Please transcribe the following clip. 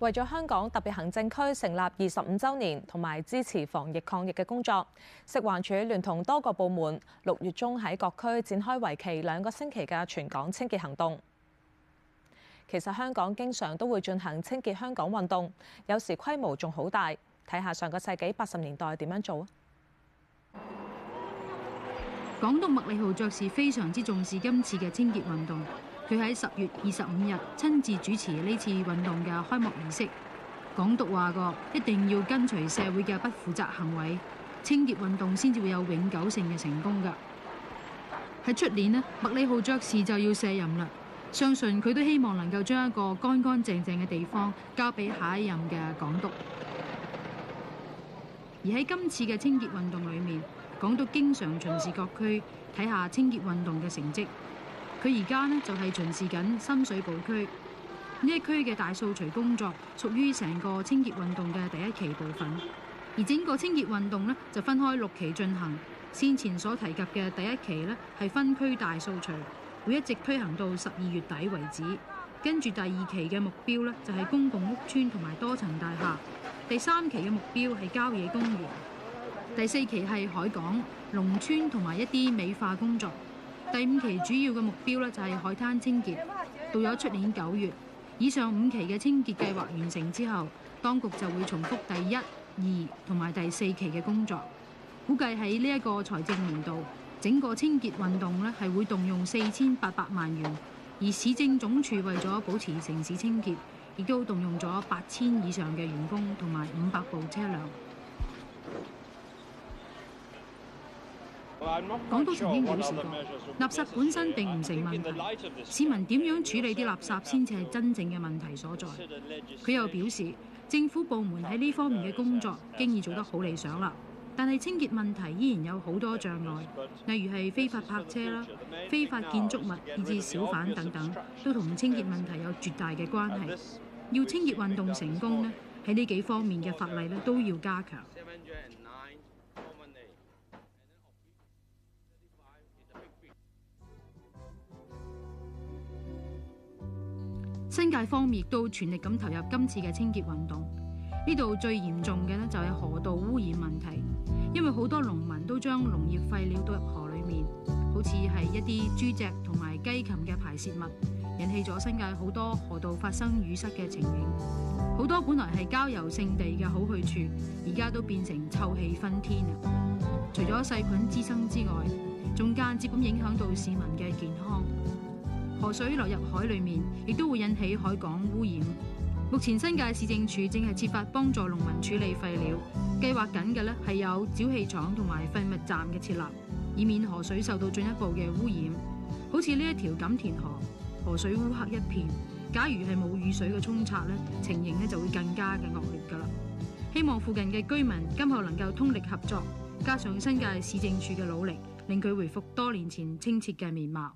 為咗香港特別行政區成立二十五週年同埋支持防疫抗疫嘅工作，食環署聯同多個部門，六月中喺各區展開為期兩個星期嘅全港清潔行動。其實香港經常都會進行清潔香港運動，有時規模仲好大。睇下上個世紀八十年代點樣做啊！港督麥理浩爵士非常之重視今次嘅清潔運動。佢喺十月二十五日親自主持呢次運動嘅開幕儀式，港督話過，一定要跟隨社會嘅不負責行為，清潔運動先至會有永久性嘅成功㗎。喺出年咧，麥理浩爵士就要卸任啦，相信佢都希望能夠將一個乾乾淨淨嘅地方交俾下一任嘅港督。而喺今次嘅清潔運動裏面，港督經常巡視各區睇下清潔運動嘅成績。佢而家呢，就係巡視緊深水埗區呢一區嘅大掃除工作，屬於成個清潔運動嘅第一期部分。而整個清潔運動呢，就分開六期進行，先前所提及嘅第一期呢，係分區大掃除，會一直推行到十二月底為止。跟住第二期嘅目標呢，就係公共屋邨同埋多層大廈。第三期嘅目標係郊野公園，第四期係海港、農村同埋一啲美化工作。第五期主要嘅目標咧，就係海灘清潔，到咗出年九月以上五期嘅清潔計劃完成之後，當局就會重複第一、二同埋第四期嘅工作。估計喺呢一個財政年度，整個清潔運動呢，係會動用四千八百萬元，而市政總署為咗保持城市清潔，亦都動用咗八千以上嘅員工同埋五百部車輛。港督曾經表示過，垃圾本身並唔成問題，市民點樣處理啲垃圾先至係真正嘅問題所在。佢又表示，政府部門喺呢方面嘅工作經已做得好理想啦，但係清潔問題依然有好多障礙，例如係非法泊車啦、非法建築物以至小販等等，都同清潔問題有絕大嘅關係。要清潔運動成功呢，喺呢幾方面嘅法例咧都要加強。新界方面亦都全力咁投入今次嘅清潔運動。呢度最嚴重嘅，呢，就係河道污染問題，因為好多農民都將農業廢料倒入河裏面，好似係一啲豬隻同埋雞禽嘅排泄物，引起咗新界好多河道發生淤塞嘅情形。好多本來係郊遊勝地嘅好去處，而家都變成臭氣熏天。除咗細菌滋生之外，仲間接咁影響到市民嘅健康。河水落入海裏面，亦都會引起海港污染。目前新界市政處正係設法幫助農民處理廢料，計劃緊嘅咧係有沼氣廠同埋廢物站嘅設立，以免河水受到進一步嘅污染。好似呢一條錦田河，河水烏黑一片。假如係冇雨水嘅沖刷咧，情形咧就會更加嘅惡劣噶啦。希望附近嘅居民今後能夠通力合作，加上新界市政處嘅努力，令佢回復多年前清澈嘅面貌。